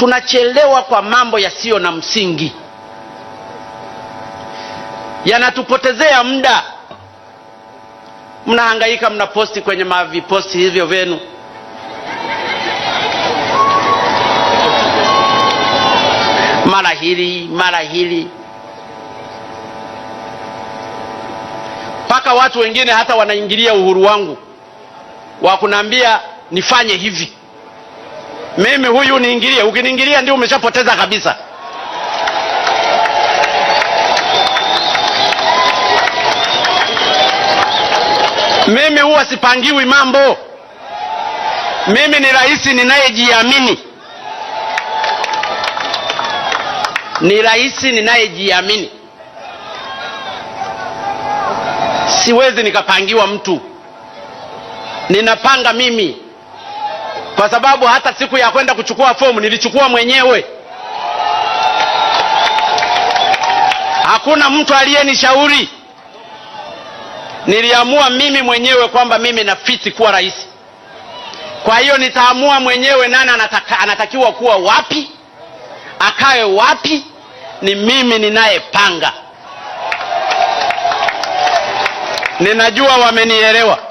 tunachelewa kwa mambo yasiyo na msingi, yanatupotezea muda. Mnahangaika, mnaposti kwenye maviposti hivyo vyenu mara hili mara hili, mpaka watu wengine hata wanaingilia uhuru wangu wa kuniambia nifanye hivi mimi huyu niingilie. Ukiniingilia ndio umeshapoteza kabisa. Mimi huwa sipangiwi mambo. Mimi ni rais ninayejiamini, ni rais ninayejiamini. Siwezi nikapangiwa mtu, ninapanga mimi kwa sababu hata siku ya kwenda kuchukua fomu nilichukua mwenyewe. Hakuna mtu aliyenishauri, niliamua mimi mwenyewe kwamba mimi nafiti kuwa rais. Kwa hiyo nitaamua mwenyewe nani anatakiwa kuwa wapi, akae wapi. Ni mimi ninayepanga. Ninajua wamenielewa.